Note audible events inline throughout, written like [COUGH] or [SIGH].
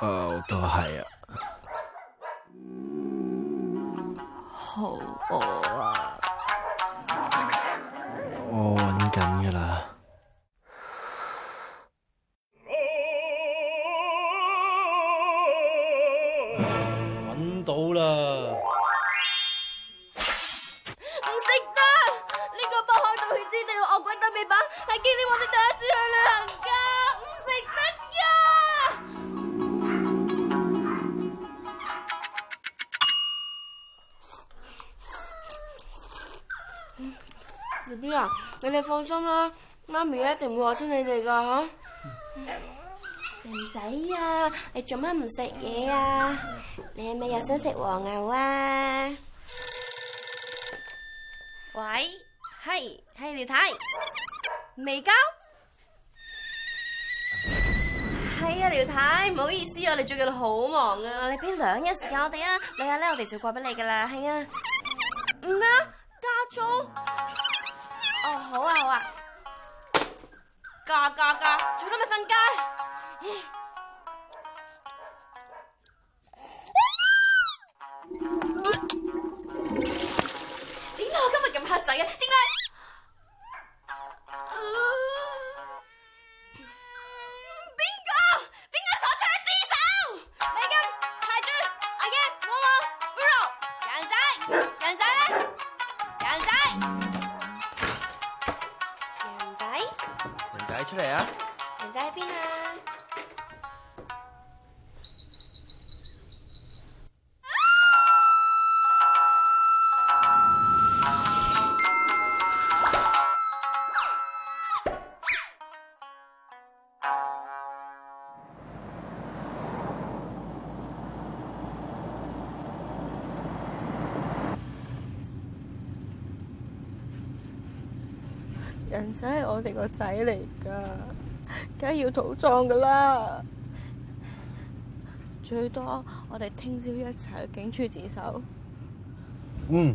哦，我都係啊，好餓啊，我揾緊㗎啦。弟弟啊，你哋放心啦，媽咪一定會話出你哋噶吓。仔啊，你做乜唔食嘢啊？你係咪又想食黃牛啊？喂，係，係廖太，未交？係啊，廖太，唔好意思，我哋最近好忙啊，你俾兩日時間我哋啊，兩日咧我哋就過俾你噶啦，係啊。唔啊，加租。好啊好啊，加加加，仲都未瞓街，點解我今日咁黑仔嘅？人仔係我哋個仔嚟噶，梗係要土葬噶啦。最多我哋聽朝一齊去警署自首。嗯。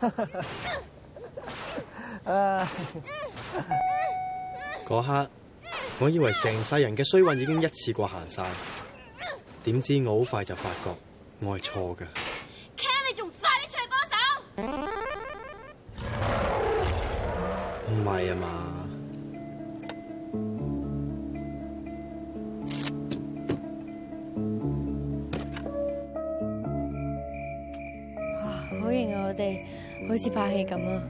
嗰 [LAUGHS] 刻，我以為成世人嘅衰運已經一次過行晒，點知我好快就發覺我係錯嘅。Ken，你仲快啲出嚟幫手？唔係啊嘛。似拍戲，咁啊！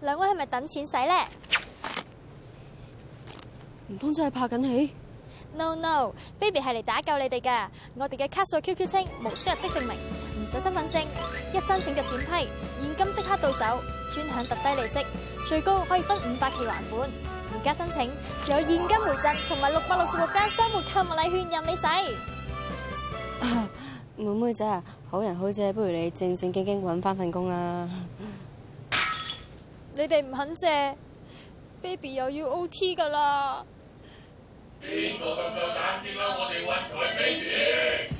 兩位係咪等錢使咧？唔通真係拍緊戲？No No，Baby 係嚟打救你哋噶。我哋嘅卡數 QQ 清，無需入息證明。唔使身份證，一申請就閃批，現金即刻到手，專享特低利息，最高可以分五百期還款。而家申請，仲有現金回贈同埋六百六十六間商戶購物禮券任你使。妹妹仔啊，好人好姐不如你正正經經搵返份工啦。你哋唔肯借，baby 又要 OT 噶啦。邊個咁夠膽先啦？我哋運財飛碟。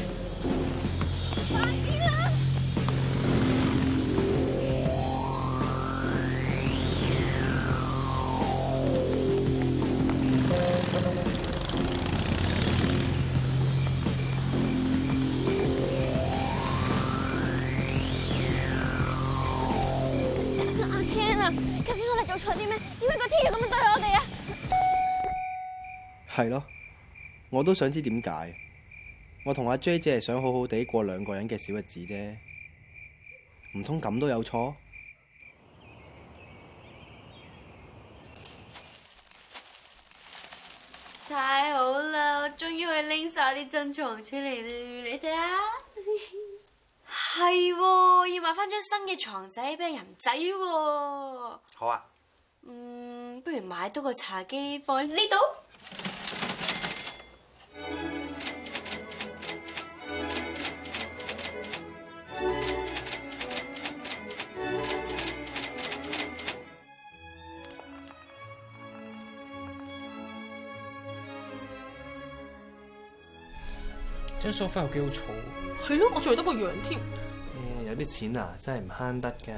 係咯，我都想知點解。我同阿 J 姐係想好好地過兩個人嘅小日子啫，唔通咁都有錯？太好啦，我終於可以拎晒啲珍藏出嚟啦！你哋啊，係 [LAUGHS] 要買翻張新嘅床仔俾人仔喎。好啊，嗯，不如買多個茶几放喺呢度。張梳化又幾好坐，係咯，我著得個樣添。誒、嗯，有啲錢啊，真係唔慳得㗎，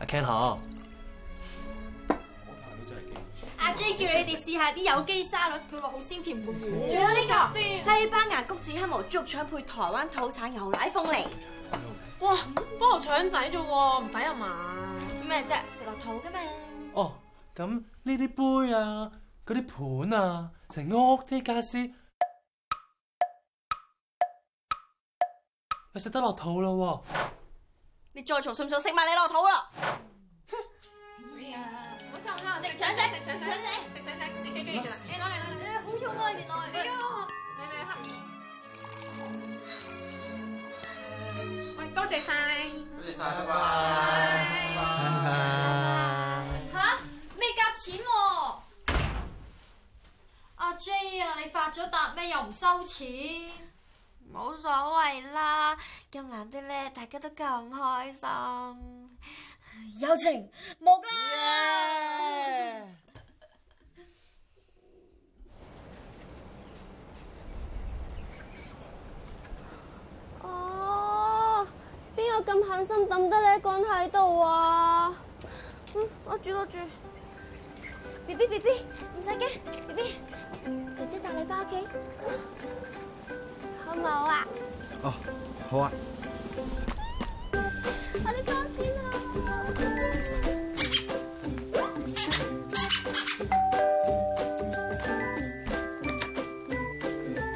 阿 Ken 好， [LAUGHS] 我睇真係幾。阿 J 叫你哋試下啲有機沙律，佢話好鮮甜㗎。仲、嗯、有呢、呢個先西班牙谷子黑毛豬肉腸配台灣土產牛奶鳳梨。哇，菠蘿腸仔啫喎，唔使啊嘛。咩啫？食落肚㗎嘛。哦，咁呢啲杯啊，嗰啲盤啊，成屋啲傢俬。食得落肚啦！你再嘈信唔信食埋你落肚啦！唔會啊！唔好嘈啦，食腸仔，食腸仔，腸仔，食腸仔，你最中意啦！攞嚟攞嚟！好香啊，啲腸仔！嚟嚟，吓！喂，多謝晒，多謝晒，拜拜拜拜！吓，咩夾錢？阿 J 啊，你發咗達咩又唔收錢？冇所謂啦，咁難得咧，大家都咁開心，友情冇啦～哦了，邊個咁狠心抌得你一個人喺度啊？嗯，攞住攞住，B B B B，唔使驚，B B，姐姐帶你返屋企。 [LAUGHS] 好唔好啊？哦，好啊。我啲鋼絲啦。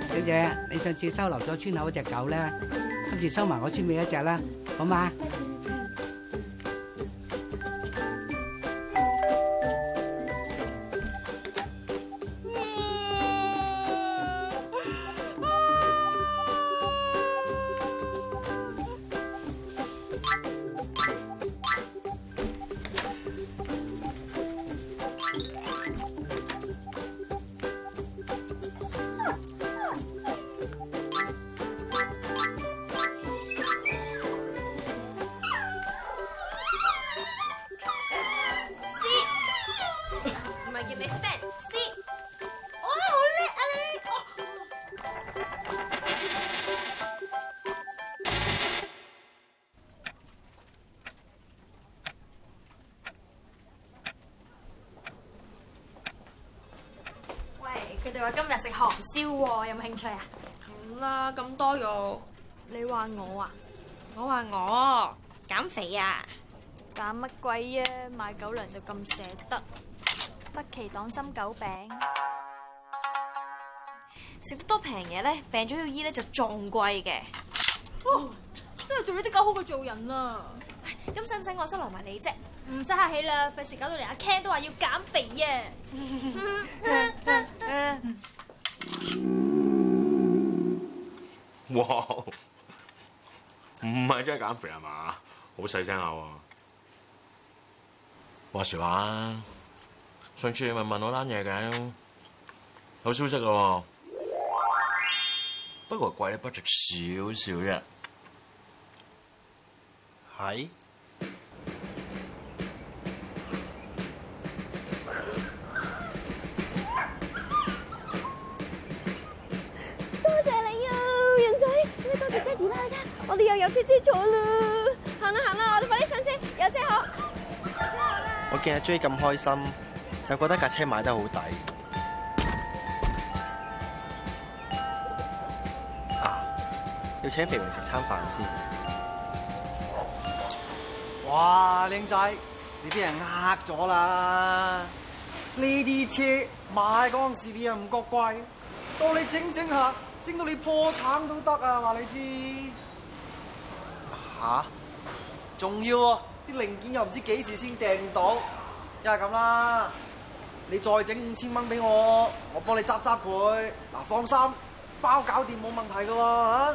小姐，你上次收留咗村口一隻狗咧，今次收埋我村尾一隻啦，好嘛？我有冇興趣啊？咁啦，咁多肉，你話我啊？我話我減肥啊？減乜鬼啊？買狗糧就咁捨得，不期黨心狗餅，食得多平嘢咧，病咗要醫咧就撞貴嘅。哇！真係做呢啲狗好過做人啊！咁使唔使我收留埋你啫？唔使客氣啦，費事搞到連阿 Ken 都話要減肥啊！哇！唔係真係減肥係嘛？好細聲下喎。話時話，上次你問問我啲嘢嘅，好消息喎。不過貴得不值少少啫。係。我哋又有車車坐咯，行啦行啦，我哋快啲上車，有車好！我見阿 J 咁開心，就覺得架車買得好抵。啊，要請肥榮食餐飯先。哇，靚仔，你俾人呃咗啦！呢啲車買嗰陣時你又唔覺貴，到你整整下。整到你破產都得啊！話你知吓、啊，仲要喎、啊，啲零件又唔知幾時先訂到，一係咁啦，你再整五千蚊俾我，我幫你執執佢，嗱放心，包搞掂冇問題嘅喎、啊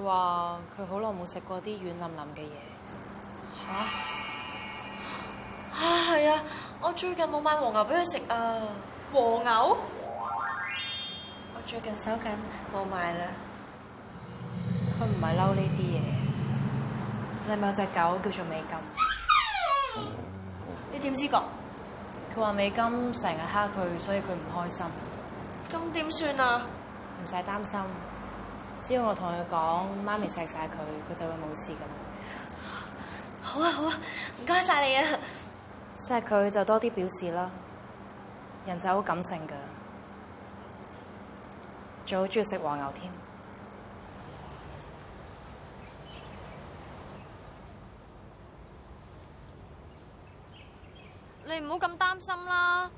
佢話：佢好耐冇食過啲軟腍腍嘅嘢。吓？啊，係啊！我最近冇買和牛俾佢食啊！和牛？我最近手緊冇買啦。佢唔係嬲呢啲嘢。你咪有隻狗叫做美金？你點知噶？佢話美金成日蝦佢，所以佢唔開心。咁點算啊？唔使擔心。只要我同佢講，媽咪錫晒佢，佢就會冇事噶啦。好啊好啊，唔該晒你啊！錫佢就多啲表示啦，人就好感性噶，最好中意食黃牛添。你唔好咁擔心啦，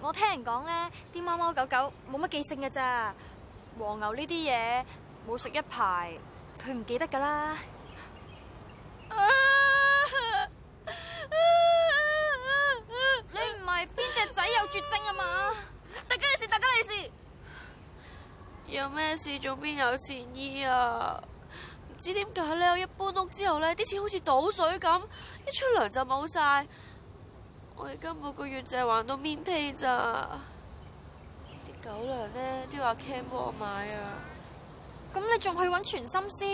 我聽人講咧，啲貓貓狗狗冇乜記性噶咋，黃牛呢啲嘢。冇食一排，佢唔記得噶啦。 [LAUGHS] 你唔係邊隻仔有絕症啊嘛？大家利是，大家利是。有咩事做邊有善意啊？唔知點解咧。我一搬屋之後咧，啲錢好似倒水咁，一出糧就冇晒。我而家每個月淨係還到面皮咋。啲狗糧咧都要阿 Ken 幫我買啊。咁你仲去揾全心思，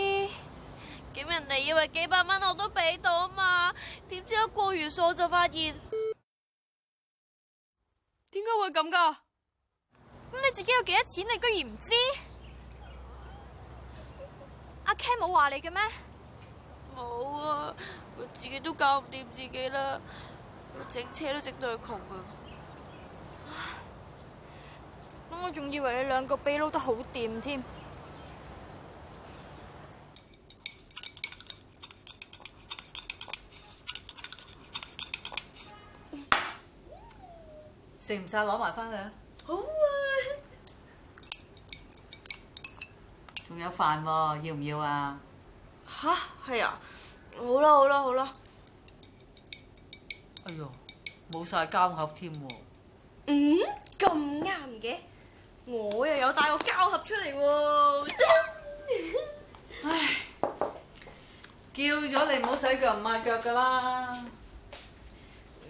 點人哋以為幾百蚊我都俾到啊嘛？點知一過完數就發現，點解會咁噶？咁你自己有幾多錢？你居然唔知？阿 Ken 冇話你嘅咩？冇啊，我自己都搞唔掂自己啦，整車都整到佢窮啊！咁我仲以為你兩個比撈得好掂添。食唔晒攞埋翻嚟啊！好啊，仲有飯喎，要唔要啊？吓？係啊！好啦好啦好啦，哎呦，冇晒膠盒添喎！嗯，咁啱嘅，我又有帶個膠盒出嚟喎、啊。 [LAUGHS] 唉，叫咗你唔好洗腳唔抹腳噶啦～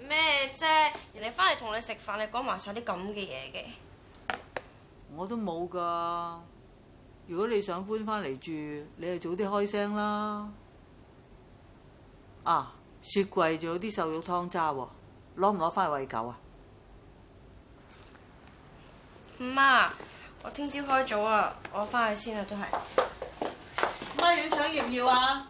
咩啫？人哋翻嚟同你食飯，你講埋晒啲咁嘅嘢嘅。我都冇噶。如果你想搬翻嚟住，你就早啲開聲啦。啊，雪櫃仲有啲瘦肉湯渣喎，攞唔攞翻去餵狗啊？媽，我聽朝開早啊，我翻去先啊，都係。媽，影相要唔要啊？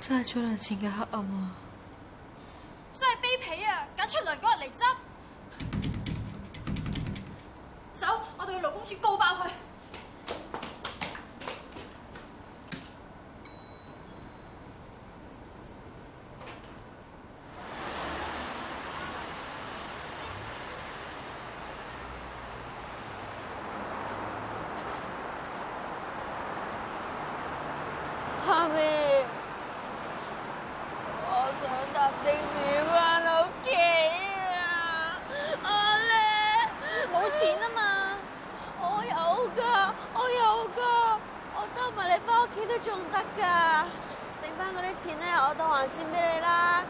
真係出糧前嘅黑暗啊！真係卑鄙啊！揀出糧嗰日嚟執，走！我對勞工處告發佢！哥哥，我兜埋你翻屋企都仲得噶，剩翻嗰啲錢咧，我當還錢俾你啦。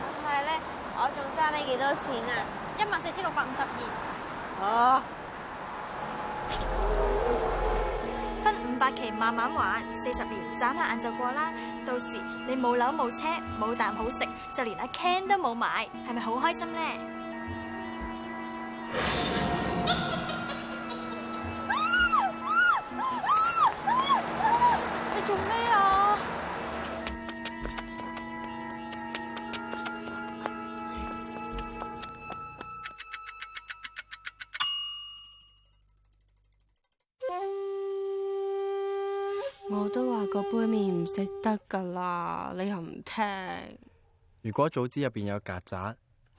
但係咧，我仲爭你幾多錢啊？一萬四千六百五十二。哦，分五百期慢慢還，四十年眨下眼就過啦。到時你冇樓冇車冇啖好食，就連阿 Ken 都冇埋，係咪好開心咧？我都話嗰杯麵唔食得噶啦，你又唔聽。如果早知入邊有曱甴，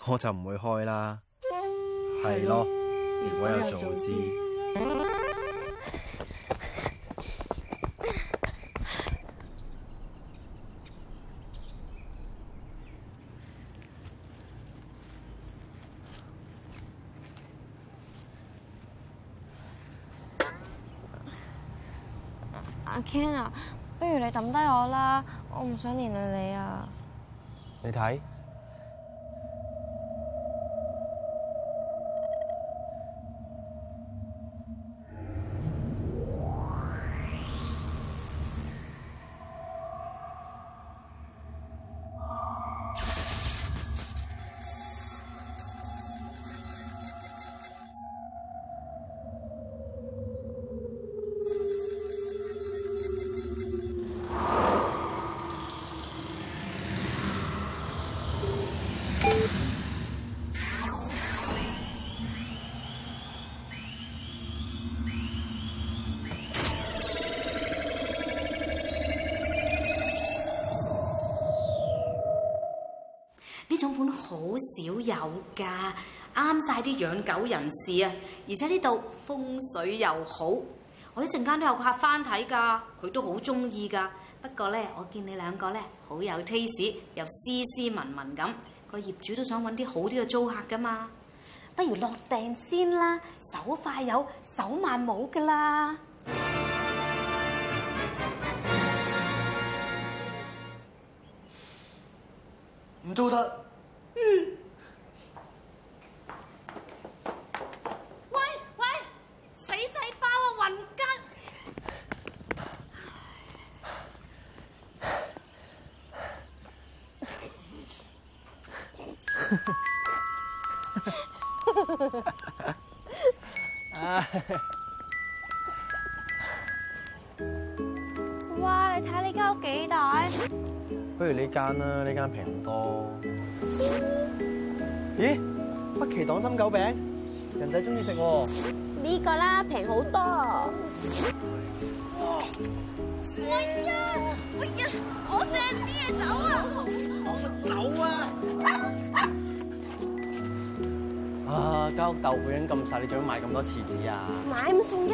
我就唔會開啦。係咯了，如果有早知。唔想連累你啊！你睇。好少有噶，啱晒啲養狗人士啊！而且呢度風水又好，我一陣間都有個客翻睇噶，佢都好中意噶。不過咧，我見你兩個咧好有 taste，又斯斯文文咁，個業主都想揾啲好啲嘅租客噶嘛，不如落訂先啦，手快有，手慢冇噶啦，唔租得。嗯、喂喂，死仔包啊，暈吉！啊！哇，你睇你家屋幾大？不如呢間啦，呢間平多。咦？北芪黨參狗餅，人仔中意食喎。呢個啦，平好多。哇哎呀！哎呀！好正！啲嘢走啊！我跑嘅走啊！啊 [LAUGHS] 啊！豆啊！間屋舊咁細，你仲要買咁多廁紙啊？買五送一。